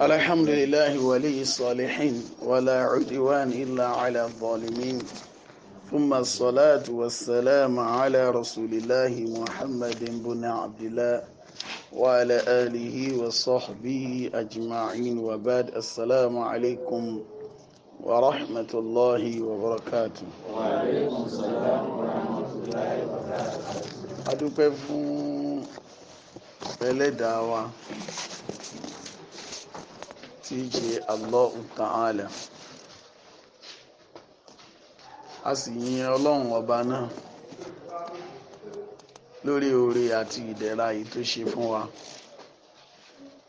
الحمد لله ولي الصالحين ولا عدوان إلا على الظالمين ثم الصلاة والسلام على رسول الله محمد بن عبد الله وعلى آله وصحبه أجمعين وبعد السلام عليكم ورحمة الله وبركاته وعليكم السلام ورحمة الله وبركاته ẹlẹ́dàá wa tí í ṣe Allahu Ta'ala a sì yin ọlọ́run ọba náà lórí oore àti ìdẹ̀ra yìí tó ṣe fún wa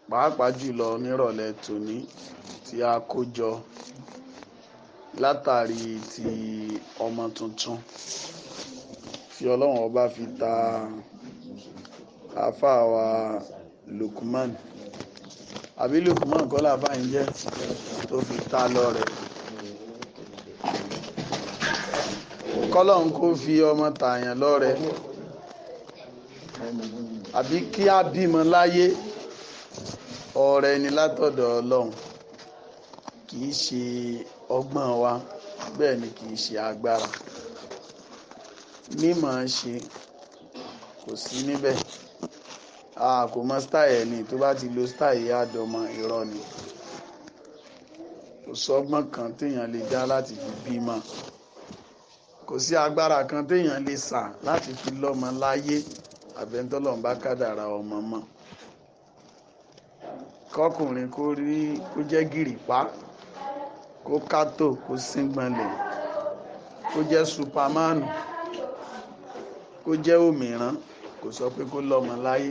pàápàá jùlọ nírọ̀lẹ́ tòní tí a kó jọ látàrí ti ọmọ tuntun tí ọlọ́run ọba fi ta àáfàá wa Lukman àbí Lukman kọ́lá àfáà ń jẹ́ tó fi ta lọ rẹ̀ kọ́lọ́hún kó fi ọmọ tààyàn lọ́rẹ àbí kí á bímọ láyé ọrẹ ni látọ̀dọ̀ ọlọ́run kì í ṣe ọgbọ́n wa bẹ́ẹ̀ ni kì í ṣe agbára mímọ̀ ṣe kò sí níbẹ̀ a kò mọ style ẹ̀ ni tó bá ti lo style yìí àdọ́mọ irọ́ ni kò sọ́gbọ́n kan téèyàn lè dá láti fi bímọ kò sí agbára kan téèyàn lè sà láti fi lọ́mọ láyé àbẹ̀ntọ́lọ́n bá kádàrá ọmọ mọ́ kọkùnrin kó rí kó jẹ́ gìrìpá kó kátó kó síngbọnlẹ̀ kó jẹ́ supamánù kó jẹ́ òmìrán kò sọ pé kó lọ́mọ láyé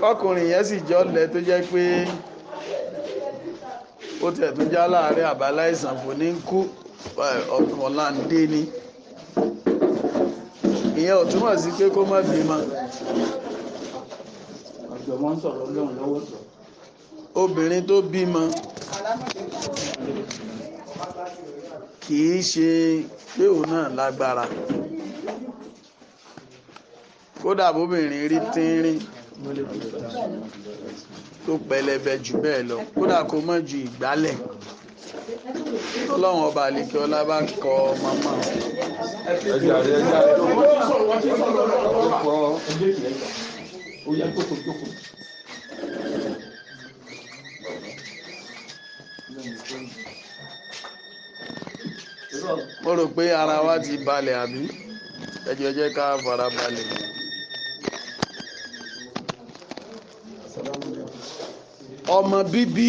kọkùnrin yẹn sì jọlẹ̀ tó jẹ́ pé ó tẹ̀ tó já láàrin àbálá ìsànfò ní kú ọ̀kànláńdé ni ìyẹn ò túmọ̀ sí pé kó má bímọ. obìnrin tó bímọ kì í ṣe pé òun náà lágbára kódà bóbìnrin rí tínrín tó pẹlẹbẹ jù bẹ́ẹ̀ lọ kódà kó mọ̀ ju ìgbálẹ̀ ọlọ́run ọba àlekè ọlá bá kọ màmá. mo rò pé ara wa ti balẹ̀ àbí ẹ jẹ́ ká fara balẹ̀. ọmọ bíbí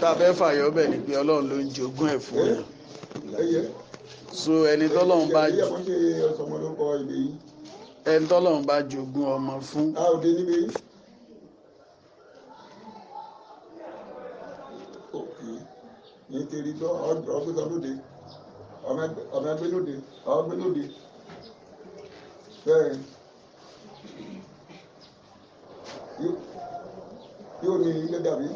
tá a fẹ́ fàyọ bẹ̀ ni pé ọlọ́run ló ń jogún ẹ̀ fún yàn so ẹni tọ́lọ́run bá ẹni tọ́lọ́run bá jogún ọmọ fún. ní yóò ní ilé dàbí.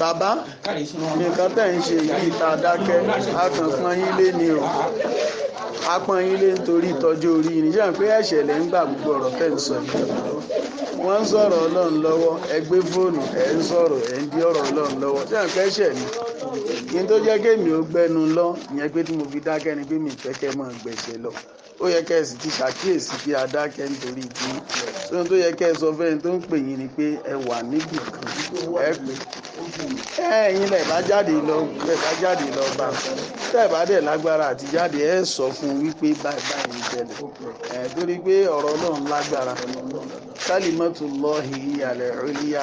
bàbá nǹkan tẹ̀ ń ṣe yìí ta dákẹ́ a kàn pọ́n yín lé ni o a yín lé nítorí ìtọ́jú orí yìí níjà pé ẹ̀ṣẹ̀ lẹ́ ń gbà gbogbo ọ̀rọ̀ sọ yìí wọ́n ń sọ̀rọ̀ ọlọ́run lọ́wọ́ kí tó jẹ́ kémi ó gbẹ́nu lọ ìyẹn pé mo fi dákẹ́ ni pé mi fẹ́ kẹ́ mọ́ gbèsè lọ ó yẹ kẹ́ ẹ sì ti ṣàkíyèsí pé adákẹ́ nítorí ti tó yẹ kẹ́ ẹ sọ fẹ́ni tó ń pè yín ni pé ẹ wà níbì kan ẹ pè ẹ ẹ̀yin lẹ bá jáde lọ bá jáde lọ bá lágbára àti jáde wípé báyìí báyìí ń pé náà lágbára òlìyà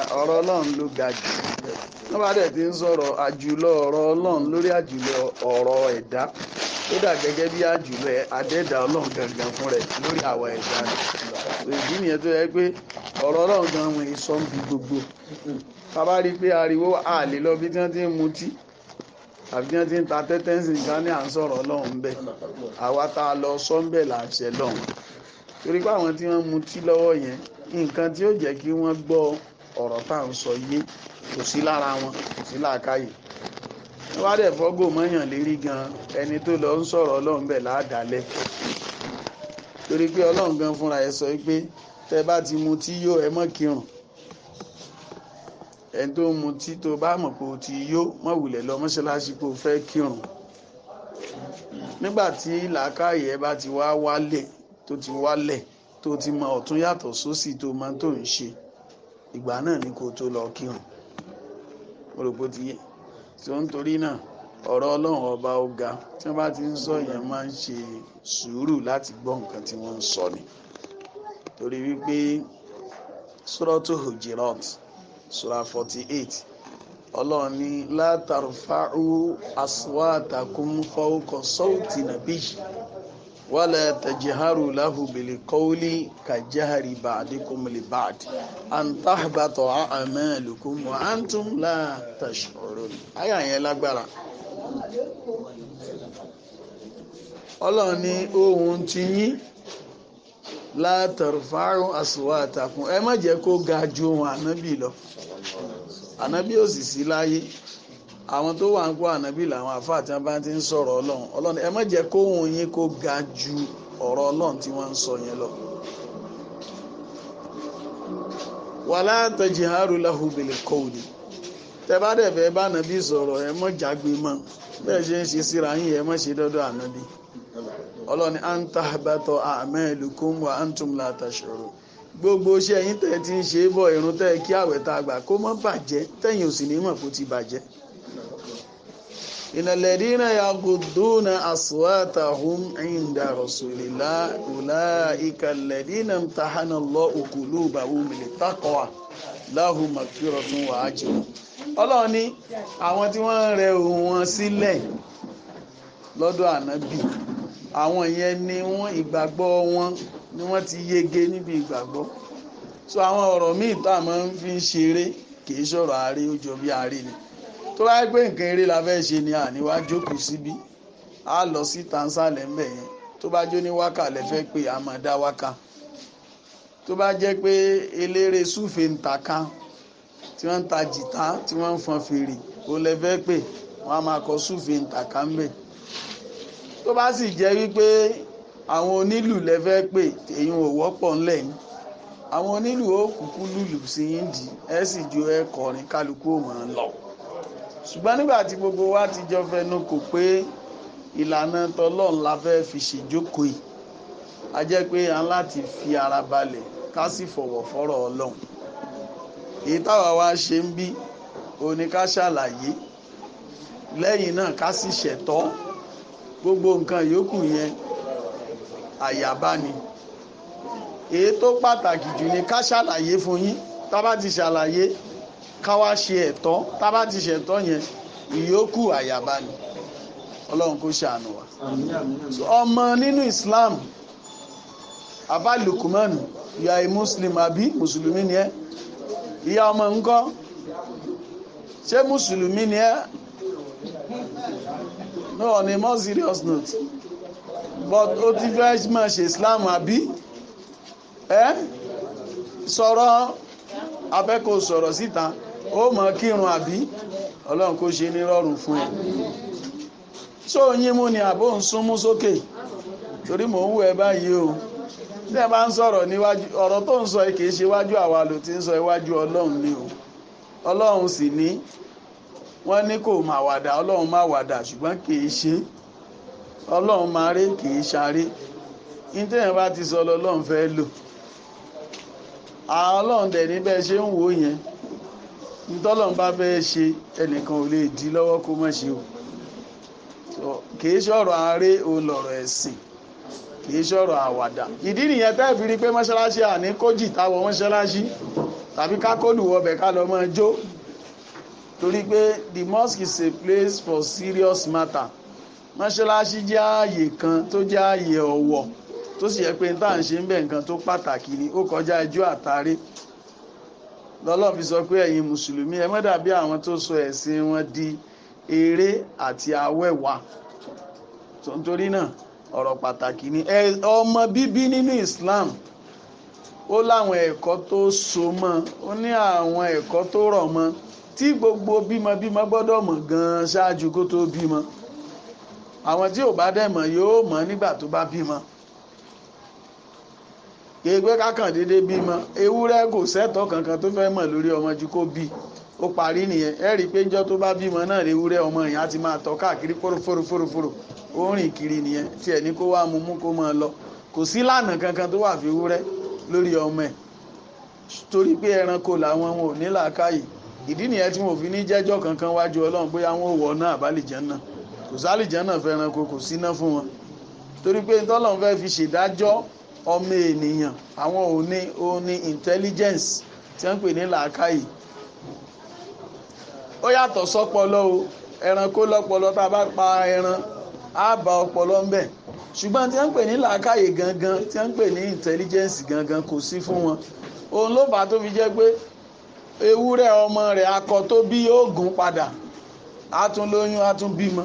náà ń wọ́n bá dẹ̀ ti ń sọ̀rọ̀ àjùlọ ọ̀rọ̀ ọlọ́run lórí àjùlọ ọ̀rọ̀ ẹ̀dá ó dà gẹ́gẹ́ bí àjùlọ àdẹ́dà ọlọ́run gangan fún rẹ̀ lórí àwa ẹ̀dá ìdí nìyẹn tó yẹ pé ọ̀rọ̀ ọlọ́run gan wọn sọ ń bi gbogbo tá a bá rí i pé ariwo a lè lọ bí wọ́n ti ń mutí àbí wọ́n ti ń ta tẹ́tẹ́ ń sìn ká ní à ń sọ̀rọ̀ ọlọ́run bẹ́ẹ̀ àwa tá a lọ sọ là ń ṣe lọ́run torí pé àwọn tí wọ́n mutí lọ́wọ́ yẹn nǹkan tí ó ọ̀rọ̀ tá à ń sọ yé kò sí lára wọn kò sí làákàyè wọ́n bá dẹ̀ fọ́gò mọ́yàn lérí gan ẹni tó lọ ń sọ̀rọ̀ ọlọ́run bẹ̀ láàdálẹ̀ torí pé ọlọ́run gan fúnra ẹ sọ pé tẹ bá ti mu tí yó ẹ mọ́ kírun ẹni tó mu tí tó bá mọ̀ pé o ti yó mọ̀ wulẹ̀ lọ mọ́ṣáláṣí pé o fẹ́ kírun nígbà tí làákàyè ẹ bá ti wá wálẹ̀ tó ti wálẹ̀ tó ti mọ ọ̀tún yàtọ̀ sósì tó máa tó ń ṣe ìgbà náà ni kò tó lọ kírun mo rò pé ó ti yé tó ń torí náà ọ̀rọ̀ ọlọ́run ọba ọ̀gá tí wọ́n bá ti ń sọ yẹn máa ń ṣe sùúrù láti gbọ́ nǹkan tí wọ́n ń sọ ni torí wípé sọ́rọ́tò hujirat sura forty eight ọlọ́run ní látàrúfàù aswatakum fawqa sawti nàbíyì ولا تجهروا له بالقول كجهر ka لبعض ba'dikum li ba'd an tahbata a'malukum wa antum la tash'urun àyà yẹn lágbára ọlọ́run ní ohun ti yín látàrfàrún àsùwà ẹ má jẹ́ kó ga ju ohun ànábì lọ ànábì ò sí láyé àwọn tó wà ń kó ànábì làwọn àfáà tí wọ́n bá ti ń sọrọ ọlọ́run ọlọ́run ẹ má kóhùn yín kó ga ju ọrọ ọlọ́run tí wọ́n ń sọ yẹn lọ. wà tajharu lahu bil qawli tẹ bá dẹ̀ fẹ́ bá ànábì sọ̀rọ̀ ẹ antum gbogbo ti ń ṣe é kí tá a gbà kó ìnàlẹ̀dínà الذين يعبدون ìndà عند رسول الله tàhánà الذين òkúlù الله قلوبهم láhùn màkúrọ̀ tún wàá jẹun. ọlọ́run ní àwọn tí wọ́n ń rẹ ohùn wọn sílẹ̀ lọ́dọ̀ ànábì àwọn yẹn ni wọ́n ìgbàgbọ́ wọn ni wọ́n ti yege níbi ìgbàgbọ́ so àwọn ọ̀rọ̀ míì tá a máa ń fi ṣeré kì í ṣọ̀rọ̀ àárẹ̀ ó jọ bí àárẹ̀ ni tó láyé pé nǹkan eré la fẹ́ ṣe ni àníwá jókòó síbí a lọ sí tansalẹ̀ ń bẹ̀ yẹn tó bá jó ní wákà lẹ fẹ́ pé a máa dá wákà tó bá jẹ́ pé eléré súfe ń ta ká tí wọ́n ń ta jìtá tí wọ́n ń fọn fèrè ó lẹ fẹ́ pé wọ́n á máa kọ súfe ń ta ká bẹ̀ tó bá sì jẹ́ wípé àwọn onílù lẹ fẹ́ pé èyí ò wọ́pọ̀ ńlẹ̀ yìí àwọn onílù ó kúkú lùlù sí yín dì ẹ sì ju ẹ kọrin kálukú ò lọ ṣùgbọ́n nígbà tí gbogbo wa ti jọ fẹnu kò pé ìlànà tọlọ́run la fẹ́ fi ṣèjókòó yìí a jẹ́ pé a ń láti fi ara balẹ̀ ká sì fọ̀wọ̀ fọ́rọ̀ ọlọ́run èyí táwa wá ṣe ń bí òní ká ṣàlàyé lẹ́yìn náà ká sì ṣẹ̀tọ́ gbogbo nǹkan yòókù yẹn àyàbá ni èyí tó pàtàkì jù ni ká ṣàlàyé fún yín tá bá ti ṣàlàyé ká wá ṣe ẹ̀tọ́ tá a bá ti ṣe ẹ̀tọ́ yẹn ìyókù àyàbá ni ọlọ́run kò ṣàánú wa. ọmọ nínú Islam abá Lukman ìyá muslim àbí mùsùlùmí ni ẹ ìyá ọmọ ńkọ́ ṣé mùsùlùmí ni ẹ no on a more serious note but ó ti fẹ́ máa ṣe Islam àbí ẹ sọ̀rọ̀ abẹ́kò sọ̀rọ̀ síta. Si ó mọ̀ kírun àbí ọlọ́run kò ṣe ní rọrùn fún ẹ ṣó yín mú ni àbó ń súnmú sókè torí mò ń wù ẹ báyìí o tí ẹ bá ń sọ̀rọ̀ níwájú ọ̀rọ̀ tó ń sọ kì í ṣe iwájú àwa ló ti ń sọ iwájú ọlọ́run ni o ọlọ́run sì ní wọ́n ní kò má wàdà ọlọ́run má wàdà ṣùgbọ́n kì í ṣe ọlọ́run má rí kì í ṣaré ní téèyàn bá ti sọ lọ́lọ́run fẹ́ lò àwọn ọlọ́run dẹ̀ níbẹ̀ ṣe ń wò yẹn nítọ́lọ́n bá fẹ́ ṣe ẹnìkan ò lè dí lọ́wọ́ kó má ṣe o kìí ṣọ̀rọ̀ àárẹ̀ o lọ̀rọ̀ ẹ̀sìn kìí ṣọ̀rọ̀ àwàdà ìdí nìyẹn tẹ́ fi rí pé mọ́ṣáláṣí àní kójì táwọn mọ́ṣáláṣí tàbí kákólù ọbẹ̀ ká lọ́ máa jó torí pé the mosque is a place for serious matter mọ́ṣáláṣí jẹ́ ààyè kan tó jẹ́ ààyè ọ̀wọ̀ tó sì yẹ pé n tá à ń ṣe ń bẹ̀ nǹkan tó pàtàkì ni ó kọjá ẹjọ́ àtàrí lọ́lọ́run fi sọ pé ẹ̀yin mùsùlùmí ẹ má dàbí àwọn tó sọ ẹ̀sìn wọn di eré àti awẹ́wà tó ń torí náà ọ̀rọ̀ pàtàkì ni ọmọ bíbí nínú Islam ó láwọn ẹ̀kọ́ tó so mọ́ ó ní àwọn ẹ̀kọ́ tó rọ̀ mọ́ tí gbogbo bímọbímọ gbọ́dọ̀ mọ̀ gan-an ṣáájú kó tó bímọ àwọn tí ò bá dẹ̀ mọ̀ yóò mọ̀ nígbà tó bá bímọ kéègbé kákan dédé bímọ ewúrẹ́ kò sẹ́tọ̀ kankan tó fẹ́ mọ̀ lórí ọmọ ju kó bí ó parí nìyẹn ẹ rí i pé njọ́ tó bá bímọ náà ewúrẹ́ ọmọ yẹn á ti máa tọ́ káàkiri fòròfòròfòrò ó rìn kiri nìyẹn tiẹ̀ ní kó wá mu mú kó máa lọ kò sí lànà kankan tó wà fi ewúrẹ́ lórí ọmọ ẹ̀ torí pé ẹranko làwọn wọn ò ní làákàyè ìdí nìyẹn tí wọn ò fi ní jẹ́jọ́ kankan wájú ọlọ́run bóyá wọn ò wọ náà àbálìjẹ́ náà kò sálìjẹ́ náà fẹ́ranko kò sí náà fún wọn torí pé ntọ́lọ́run fẹ́ fi ṣèdájọ́ ọmọ ènìyàn àwọn ò ní intelligence tí wọ́n ń pè ní làákàyè ó yàtọ̀ sọ́pọlọ o ẹranko lọ́pọlọ tá a bá pa ẹran á bá ọpọlọ ń bẹ ṣùgbọ́n tí wọ́n pè ní làákàyè gangan tí wọ́n pè ní intelligence gangan kò sí fún wọn òun ló fà á tó fi jẹ́ pé ewúrẹ́ ọmọ rẹ̀ akọ tó bí yóò gùn padà á tún lóyún á tún bímọ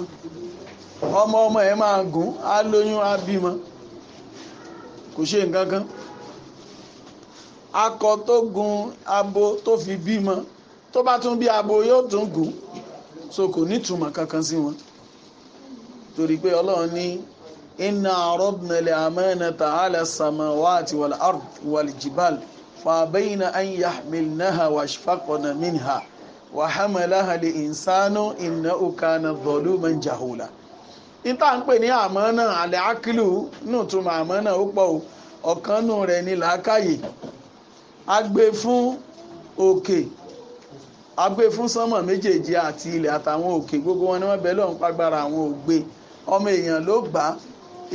ọmọ ọmọ ẹ̀ máa gùn á lóyún á bímọ kò ṣe nǹkan kan akọ tó gun abo tó fi bímọ tó bá tún bí abo yóò tún gùn so kò nítumọ̀ kankan sí wọn torí pé ọlọ́run ní inna aradna al-amanata ala as-samawati wal-ard fàbẹ́yìnà an yahmilnaha wa shfaqna minha wa hamalaha al-insanu innahu kana zaluman jahula níta ń pè ní àmọ́ náà àlẹ́ ákìlù nù túmọ̀ àmọ́ náà ó pọ̀ o ọ̀kan nù rẹ̀ ní làákàyè agbe fún òkè agbe fún sánmọ̀ méjèèjì àti ilẹ̀ àtàwọn òkè gbogbo wọn ni wọ́n bẹ lọ́hùn pàgbára àwọn ògbé ọmọ èèyàn ló gbà á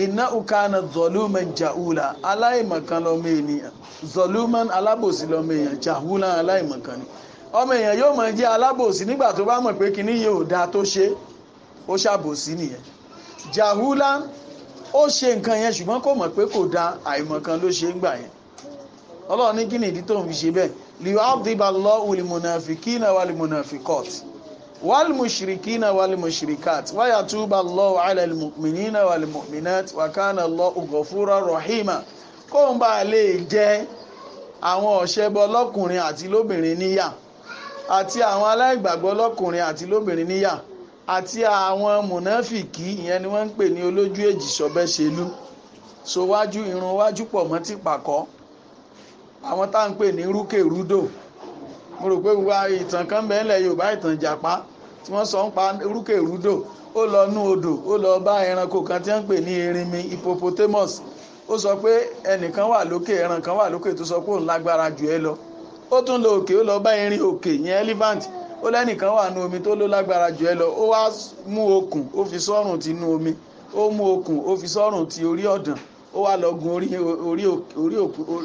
iná ukana zọlúmẹ̀ jàhùlà aláìmọ̀kan lọ́mọ ènìyàn zọlúmẹ̀ alábòsí lọ́mọ èèyàn jàhùlà aláìmọ̀kan ni ọmọ èèyàn yóò máa jẹ́ alábòsí nígbà tó bá mọ̀ pé kinní yìí dáa tó ṣe ó ṣàbòsí nìyẹn jahula ó ṣe nǹkan yẹn ṣùgbọ́n kò mọ̀ pé kò da àìmọ̀kan ló ṣe ń gbà yẹn ọlọ́run ní kí ni ìdí tó ń fi ṣe bẹ́ẹ̀ liwadhiba Allahu limunafikina walimunafikot walmushirikina walmushirikat wayatuba Allahu ala almu'minina walmu'minat wakana Allahu ghafura rahima kó ń bá a lè jẹ àwọn ọ̀ṣẹ́bọ lọ́kùnrin àti lóbìnrin níyà àti àwọn aláìgbàgbọ́ lọ́kùnrin àti lóbìnrin níyà àti àwọn mùnáfìkì ìyẹn ni wọ́n ń pè ní olójú èjì sọ́bẹ́ṣelú so wájú irun wájú pọ̀ mọ́ ti pàkọ́ àwọn tá à ń pè ní rúkèrúdò mo rò pé wá ìtàn kan bẹ́ẹ̀ lẹ̀ Yorùbá ìtàn Ìjàpá tí wọ́n sọ ń pa rúkèrúdò ó lọ nú odò ó lọ bá ẹranko kan tí wọ́n ń pè ní erinmi hippopotamus ó sọ pé ẹnìkan wà lókè ẹran kan wà lókè tó sọ pé òun lágbára jù ẹ lọ ó tún lọ òkè ó lọ bá erin òkè yẹn elephant ó lẹ́nìkan wà nú omi tó ló lágbára jù ẹ lọ ó wá mú okùn ó fi sọ́rùn ti nú omi ó mú okùn ó fi sọ́rùn ti orí ọ̀dàn ó wá lọ gun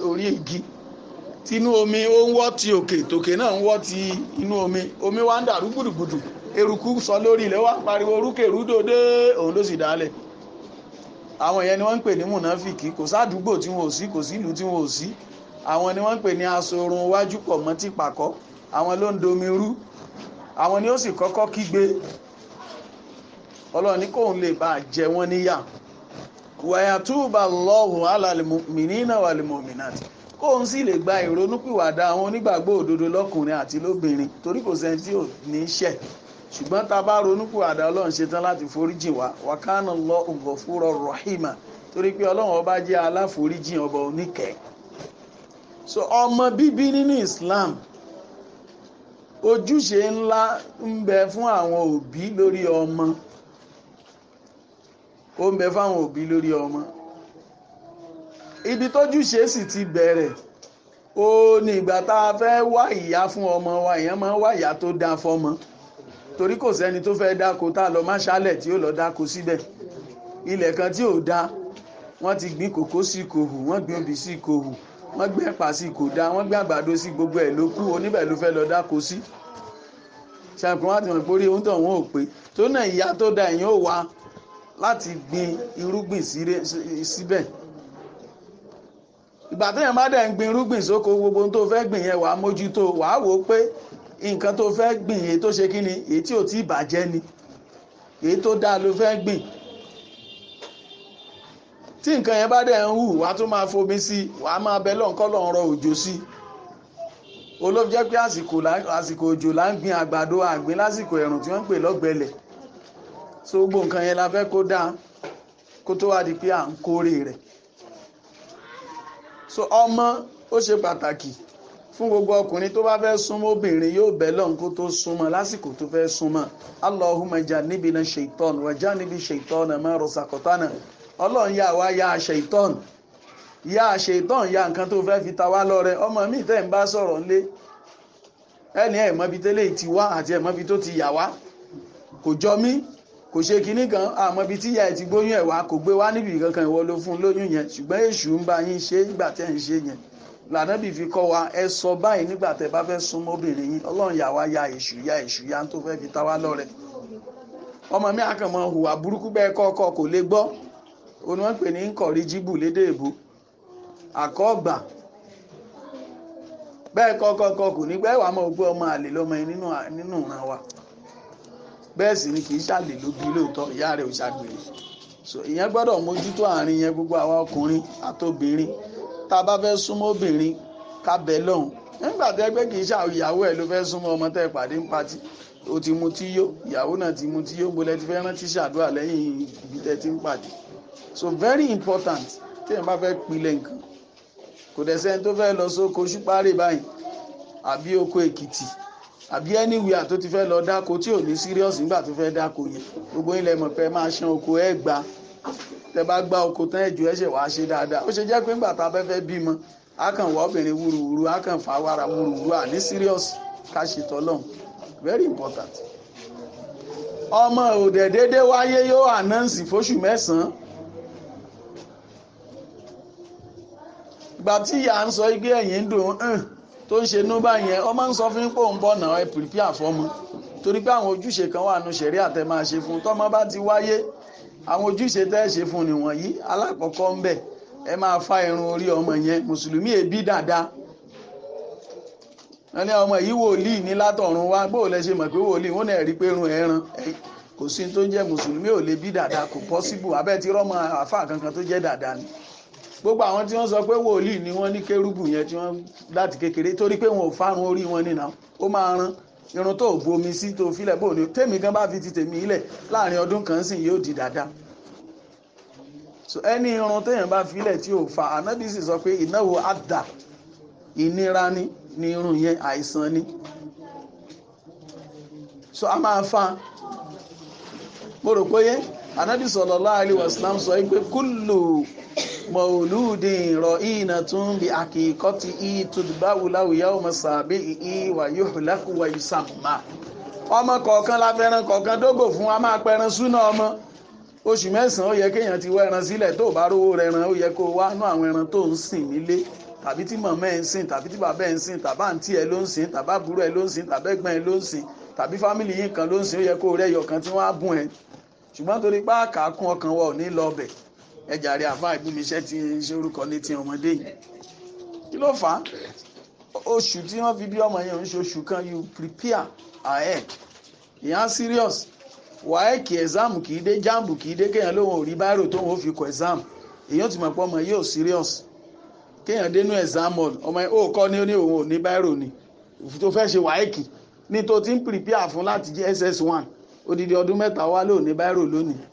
orí igi tinú omi ó ń wọ́ ti òkè tòkè náà ń wọ́ ti inú omi omi wá ń dàrú gbùdùgbùdù eruku sọ lórí ilẹ̀ wá pariwo orúkèrúdò dé òun ló sì dálẹ̀ àwọn ìyẹn ni wọ́n ń pè ní mùnáfìkì kò sádùúgbò tí wọn ò sí kò sí ìlú tí wọn ò sí àwọn ni wọ́n ń pè ní asorun wájú pọ̀ mọ́ àwọn ló ń domi rú àwọn ni ó sì kọ́kọ́ kígbe ọlọ́run ní kóun lè bá jẹ wọ́n níyà wàyàtúbà lọ́hùn alàlùmínínà wà lùmọ̀mínàtì kóun sì lè gba ìrònúpìwàdà àwọn onígbàgbọ́ òdodo lọ́kùnrin àti lóbìnrin torí kò sẹ́ni tí ò ní ṣẹ̀ ṣùgbọ́n tá a bá ronúpìwàdà ọlọ́run ṣetán láti foríjì wa wàkánà lọ ògòfúrọ̀ rọ̀hìmà torí pé ọlọ́run ọba jẹ́ aláforíjì ọba oníkẹ́ so ọmọ bíbí nínú Islam ojúṣe ńlá ń bẹ fún àwọn òbí lórí ọmọ ó ń bẹ fáwọn òbí lórí ọmọ ibi tójúṣe sì ti bẹ̀rẹ̀ ó ní ìgbà tá a fẹ́ wá ìyá fún ọmọ wa èèyàn máa ń wá ìyá tó dáa fọmọ torí kò sẹ́ni tó fẹ́ dáko tá a lọ má ṣálẹ̀ tí ó lọ dáko síbẹ̀ ilẹ̀ kan tí ò dáa wọ́n ti gbin kòkó sí ìkòhù wọ́n gbin obì sí ìkòhù wọ́n gbé ẹ̀pà sí kò dáa wọ́n gbé àgbàdo sí gbogbo ẹ̀ ló kú oníbẹ̀ ló fẹ́ lọ dáko sí ṣàpè wọn àti wọn ìpórí ohun tó wọn ò pé tó náà ìyá tó da èèyàn ò wá láti gbin irúgbìn síbẹ̀ ìgbà téèyàn bá dẹ̀ ń gbin irúgbìn sóko gbogbo ohun tó fẹ́ gbìn yẹn wàá mójútó wàá wò ó pé nǹkan tó fẹ́ gbìn èyí tó ṣe kí ni èyí tí ò tí ì bàjẹ́ ni èyí tó dáa ló fẹ́ gbìn tí nǹkan yẹn bá dẹ̀ ń hù wàá tún máa fomi sí wàá máa bẹ lọ́nkọ́ lọ́n rọ òjò sí olóòfin jẹ́ pé àsìkò òjò là ń gbin àgbàdo àgbín lásìkò ẹ̀rùn tí wọ́n ń pè lọ́gbẹ̀lẹ̀ so gbogbo nǹkan yẹn la fẹ́ kó dáa kó tó wá di pé à ń kórè rẹ̀ so ọmọ ó ṣe pàtàkì fún gbogbo ọkùnrin tó bá fẹ́ súnmọ́ obìnrin yóò lọ́n kó tó súnmọ́ lásìkò tó fẹ́ súnmọ́ ọlọ́run yà wá yà àṣẹ ìtọ́n yà àṣẹ ìtọ́n yà nǹkan tó fẹ́ fi ta wá lọ́rẹ ọmọ mi tẹ́ ń bá sọ̀rọ̀ ńlé ẹni ẹ̀ mọ́bi tẹ́lẹ̀ ti wá àti ẹ̀ mọ́bi tó ti yà wá kò jọ mí kò ṣe kinní kan àmọ́bi tí ìyá ẹ̀ ti gbóyún ẹ̀ wá kò gbé wá níbi kankan ìwọ ló fún lóyún yẹn ṣùgbọ́n èṣù ń bá yín ṣe ìgbà tẹ́ ń ṣe yẹn lànàbì fi kọ́ wa ẹ sọ báyìí nígbà tẹ́ bá fẹ́ súnmọ́ obìnrin yín ọlọ́run yà wá ya èṣù ya èṣù ya tó fẹ́ fi ta wá lọ́rẹ ọmọ mi àkànmọ́ hùwà burúkú bẹ́ẹ̀ kọ́ ọkọ kò lè gbọ́ òun wọ́n pè ní nkọ̀ríjìbù lédè èbó àkọ́gbà bẹ́ẹ̀ kò ní pẹ́ wàá mọ̀ gbé ọmọ àlè lọ́mọ yẹn nínú ìran wa bẹ́ẹ̀ sì ni kì í ṣàlè lóbi bí ìyá rẹ̀ ò ṣàgbèrè so ìyẹn gbọ́dọ̀ mójútó àárín yẹn gbogbo àwa ọkùnrin àtobìnrin tá a bá fẹ́ obìnrin ká nígbà kì í ṣàwọn ìyàwó ẹ̀ ló so very important tí èèyàn bá fẹ́ pilẹ̀ nǹkan kò dẹ̀ sẹ́ni tó fẹ́ lọ sóko ṣúpárì báyìí àbí oko èkìtì àbí anywhere tó ti fẹ́ lọ dáko tí ò ní serious nígbà tó fẹ́ dáko yẹn gbogbo ilẹ̀ mọ̀ pé máa ṣan oko ẹ̀ gba tẹ bá gba oko tán ẹ̀jọ̀ ẹ̀ ṣẹ̀ wáá ṣe dáadáa ó ṣe jẹ́ pé ńgbà tá a fẹ́ fẹ́ bímọ a kàn wá obìnrin wúruwúru a kàn fà wàrà wúruwúru à ní serious ká ṣe tọ́lọ́m very important ọmọ òdẹ̀dẹ́dẹ́ wáyé yóò ànáǹsì fóṣù mẹ́sàn-án gbà tí ìyá ń sọ igé ẹ̀yìn ń dùn ún tó ń ṣe núbà yẹn ọmọ ń sọ fún pò ń bọ̀ náà ẹ pìrìpì àfọ́mọ torí pé àwọn ojúṣe kan wà nù ṣẹ̀rí àtẹ máa ṣe fún tọ́mọ bá ti wáyé àwọn ojúṣe tẹ́ ṣe fún ni wọ̀nyí alákọ̀ọ́kọ́ ń bẹ̀ ẹ máa fa irun orí ọmọ yẹn mùsùlùmí èbí dáadáa wọn ọmọ yìí wòlíì ní látọ̀run wá bó lẹ ṣe mọ̀ pé wòlíì wọn náà pé irun ẹran kò sí tó jẹ́ mùsùlùmí ò lè bí dáadáa kò pọ́síbù abẹ́ ti rọ́mọ àáfàá kankan tó jẹ́ dáadáa ni gbogbo àwọn tí wọ́n sọ pé wòlíì ni wọ́n ní kérúbù yẹn tí wọ́n láti kékeré torí pé wọn ò fárun orí wọn nìyà ó máa rán irun tó bomi sí tó filẹ̀ bò ní tèmi gan bá fi ti tèmi ilẹ̀ láàrin ọdún kan sì yóò di dáadáa so ẹni irun téèyàn bá filẹ̀ tí ò fa ànábì sì sọ pé ìnáwó àdà ìnira ni ni irun yẹn àìsàn ni so a máa fa mo rò pé ànábì sallallahu alaihi wasallam sọ pé kúlù مولود رئينة بحقيقته تتبع له يوم سابعه ويهلك ويسمى ọmọ kọ̀ọ̀kan la fẹ́ràn kọ̀ọ̀kan dógò fún wa máa pẹran súná ọmọ oṣù mẹ́sàn-án ó yẹ kéèyàn ti wá ẹran sílẹ̀ tó bá rówó rẹ ẹran ó yẹ kó wá nú àwọn ẹran tó ń sìn nílé tàbí tí màmá ẹ̀ ń sìn tàbí tí bàbá ẹ̀ ń sìn tàbá àǹtí ẹ̀ ló ń sìn tàbá àbúrò ẹ̀ ló ń sìn tàbẹ́gbọ́n ẹ̀ ló ń sìn tàbí fámìlì yìí kan ló ń sìn ó yẹ kó rẹ ẹyọ kan tí wọ́n á bùn ẹ̀ ṣùgbọ́n torí pé àkàkùn ọkàn wa ò ní lọ bẹ̀ ẹ jàre àfa ìbúmiṣẹ́ ti ṣe orúkọ létí ọmọdé yìí kí ló fà á oṣù tí wọ́n fi bí ọmọ yẹn ń ṣe oṣù kan you prepare ahead ìyẹn serious wáẹ́ẹ̀kì ẹ̀sáàmù kì í dé jáàmù kì í dé kéèyàn lóun ò rí báírò tóun ò fi kọ ẹ̀sáàmù èyàn ti mọ̀ pé ọmọ yìí serious kéèyàn dénú ẹ̀sáàmù ọmọ yìí ó kọ́ ni ó ní òun ò ní báírò ni tó fẹ́ ṣe wáẹ́ẹ̀kì ní tó ti ń prepare fún láti jẹ́ ss1 odidi ọdún mẹ́ta wá lóun ní báírò lónìí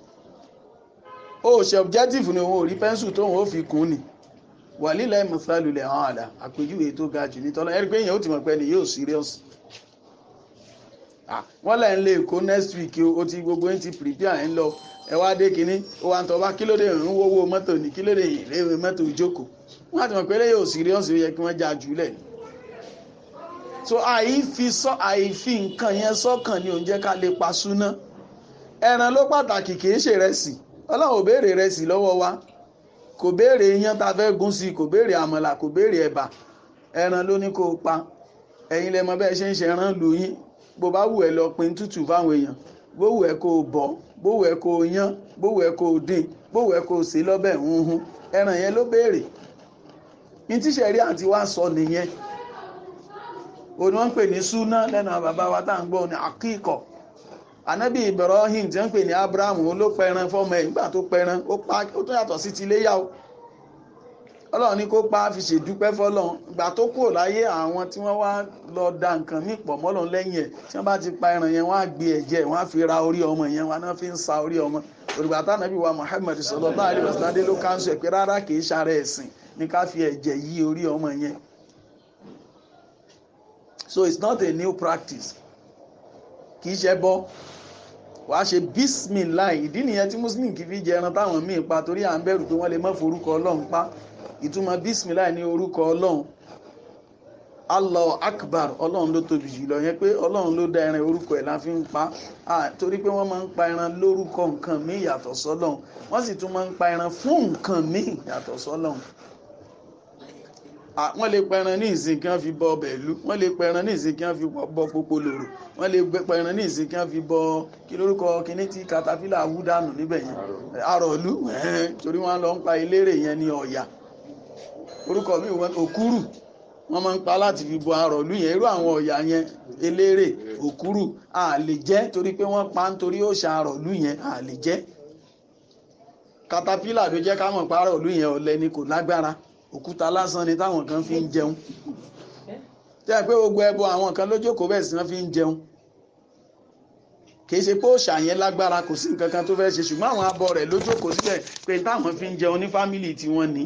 ó ṣe objective ni òun ò rí pẹ́ńsù tóun o fi kún ni wa ìmọ̀sálùlẹ̀ hàn àdá àpèjúwe tó ga jù nítorí ẹ̀rí pé èèyàn ó ti mọ̀ pé ni yóò serious wọ́n lẹ́yìn lè kó next week o ti gbogbo ẹ̀ ti prepare ẹ̀ ń lọ ẹ wá dé kínní ó wà ń tọ́ bá kílódé ń wówó mọ́tò ní kílódé ìrèwé mọ́tò ìjókòó wọ́n á ti mọ̀ pé eléyìí ò serious yẹ kí wọ́n já sọ́kàn ni òun ká lè pa ẹran ló pàtàkì kì í ṣèrẹsì. ọlọ́run ò béèrè ìrẹsì lọ́wọ́ wa kò béèrè iyán tá a fẹ́ gún sí kò béèrè àmàlà kò béèrè ẹ̀bà ẹran ló ní kó o pa ẹ̀yin lẹ mọ bẹ́ẹ̀ ṣe ń ṣe ẹran lù yín bó bá wù ẹ́ lọ pin tútù fáwọn èèyàn bó wù ẹ́ kó o bọ̀ bó wù ẹ́ kó o yán bó wù ẹ́ kó o dín bó wù ẹ́ kó o sè lọ́bẹ̀ hunhun ẹran yẹn ló béèrè ní tíṣẹ̀rí àti wá sọ nìyẹn òun ni wọ́n ń pè ní súná lẹ́nu àwọn wa tá à ń gbọ́ ní àkíkọ̀ọ́ anabi ibrahim tí wọ́n pè ní abraham ló pẹran fọmọ ẹ̀ nígbà tó pẹran ó pa ó tó yàtọ̀ sí ti iléyà o ọlọ́run kó pa fi ṣèdúpẹ́ fọlọ́run ìgbà tó kúrò láyé àwọn tí wọ́n wá lọ da nǹkan ní ìpọ̀ mọ́lọ́run lẹ́yìn tí wọ́n bá ti pa ẹran yẹn wọ́n á gbé ẹ̀jẹ̀ wọ́n á fi ra orí ọmọ yẹn wọ́n á fi ń sa orí ọmọ òrùgbà tánàbí wa muhammed sallallahu alaihi wasallam ló kánṣu ẹ̀ pé rárá kì í ṣara ẹ̀sìn ní ká fi ẹ̀jẹ̀ yí orí ọmọ yẹn so it's not a new practice kì í ṣe bọ́ wàá ṣe bísmìláì ìdí nìyẹn tí muslim kì í fi jẹ ẹran táwọn míì pa torí à ń bẹ̀rù pé wọ́n lè má forúkọ ọlọ́run pa ìtumọ̀ bísmìláì ní orúkọ ọlọ́run allah akbar ọlọ́run ló tóbi jùlọ yẹn pé ọlọ́run ló dá ẹran orúkọ ẹ̀ la fi ń pa torí pé wọ́n máa ń pa ẹran lórúkọ nǹkan míì yàtọ̀ sọ́lọ́run wọ́n sì tún máa ń pa ẹran fún nǹkan míì yàtọ̀ sọ́lọ́run wọ́n lè pẹran ní ìsìn kí wọ́n fi bọ bẹ̀lú wọ́n lè pẹran ní ìsìn kí wọ́n fi bọ popo lòrò wọ́n lè pẹran ní ìsìn kí wọ́n fi bọ kí lórúkọ kíní tí katapila wú dànù níbẹ̀ yẹn arọ̀lú torí wọ́n lọ ń pa eléré yẹn ní ọ̀yà orúkọ mi wọn òkúrù wọ́n máa ń pa láti fi bọ arọ̀lú yẹn irú àwọn ọ̀yà yẹn eléré òkúrù a lè jẹ torí pé wọ́n pa nítorí òòṣà arọ̀lú yẹn a lè katapila ló jẹ́ káwọn pa arọ̀lú yẹn ọ̀lẹ ni kò lágbára òkúta lásán ni táwọn kan fi ń jẹun tẹ́ pé gbogbo ẹbọ àwọn kan lójókòó bẹ́ẹ̀ sí wọ́n fi ń jẹun kì í ṣe pé òòṣà yẹn lágbára kò sí nǹkan kan tó fẹ́ ṣe ṣùgbọ́n àwọn abọ rẹ̀ lójókòó síbẹ̀ pé táwọn fi ń jẹun ní fámìlì tiwọn ni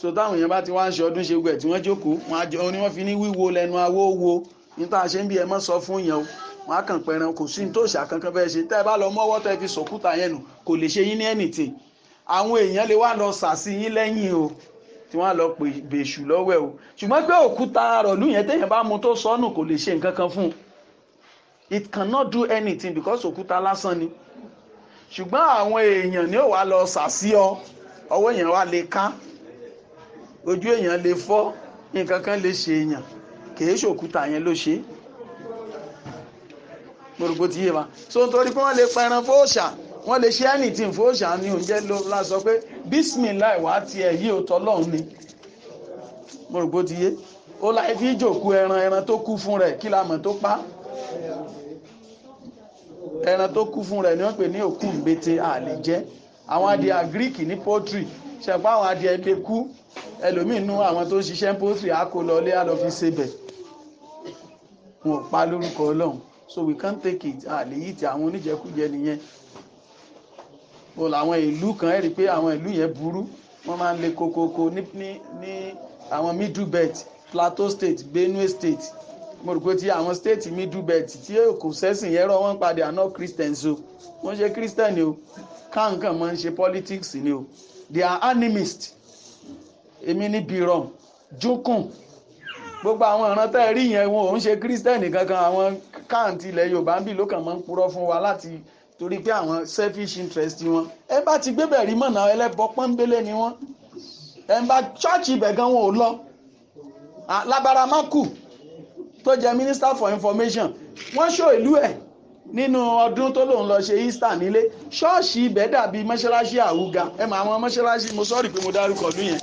so táwọn èèyàn bá ti wá ń ṣe ọdún ṣe gbẹ̀ tí wọ́n jókòó wọn àjọ ni wọ́n fi ní wíwo lẹ́nu awó wo ní tá a ṣe ń bí ẹ mọ́ sọ fún yẹn o wọn á kàn pẹran kò sí ní tó ṣà kankan bẹ́ẹ̀ ṣe tẹ́ ẹ bá lọ mọ́wọ́ tẹ́ fi sòkúta yẹn nù kò lè ṣe yín ní anything àwọn èèyàn lè wá lọ sà lẹ́yìn o tí wọ́n á lọ pè bèṣù lọ́wọ́ ẹ̀ o ṣùgbọ́n pé òkúta rọ̀lú yẹn téèyàn bá mu tó sọnù kò lè ṣe nǹkan kan fún un it cannot do anything because òkúta lásán ni ṣùgbọ́n àwọn èèyàn ni ó wàá lọ sàsí ọ ọwọ́ èèyàn wá lè ká ojú èèyàn lè fọ́ nǹkan kan lè ṣe èèyàn kìí ṣòkúta yẹn ló ṣe gbòrògbò tí yé wa so nítorí pé wọ́n lè pẹran fóòṣà wọ́n lè ṣe anything fóòṣà ni òun jẹ́ ló la sọ pé Bismillah wá ti ẹ̀ yí òtọ́ lọ́hùn ni mo rò bó ti yé ó láì fi jòkú ẹran ẹran tó kú fún rẹ̀ kí la tó pa ẹran tó kú fún rẹ̀ ni wọ́n pè ní òkú ìbete àlè jẹ àwọn adìẹ àgíríkì ní pọ́tírì ṣẹ̀pá àwọn adìẹ ebè kú ẹlòmíì nú àwọn tó ń ṣiṣẹ́ pọ́tírì àkọlọ́lé àlọ́ fi ṣe wọn pa lórúkọ ọlọ́run so we can't take it àlè yìí ti àwọn oníjẹkújẹ nìyẹn o làwọn ìlú kan ẹ̀rí pé àwọn ìlú yẹn burú wọ́n máa ń le kokoko ní ní ní àwọn middle belt plateau state benue state mo rò pé ti àwọn state middle belt tí kò sẹ́sìn yẹn rọ wọ́n padà àná christians o wọ́n ṣe christian o káàkàn máa ń ṣe politics ni o they are animists. èmi ní biron jukun gbogbo àwọn ìran tẹ́ ẹ rí yẹn wọn ò ń ṣe kírísítẹ́nì kankan àwọn káàntì ilẹ̀ yorùbá ń bì ló máa ń purọ́ fún wa láti torí pé àwọn selfish interest wọn ẹ bá ti gbé bẹ̀rí mọ̀nà ẹlẹ́bọ pọ́nbélé ni wọ́n ẹ bá chọ́ọ̀chì ibẹ̀ gan wọn ò lọ Labaramaku tó jẹ́ minister for information wọ́n ṣó ìlú ẹ̀ nínú ọdún tó lòun lọ ṣe Easter nílé ṣọ́ọ̀ṣì ibẹ̀ dàbí mọ́ṣáláṣí àwùga ẹ mọ àwọn mọ́ṣáláṣí mo sọ́ọ̀rì pé mo dárúkọ ọdún yẹn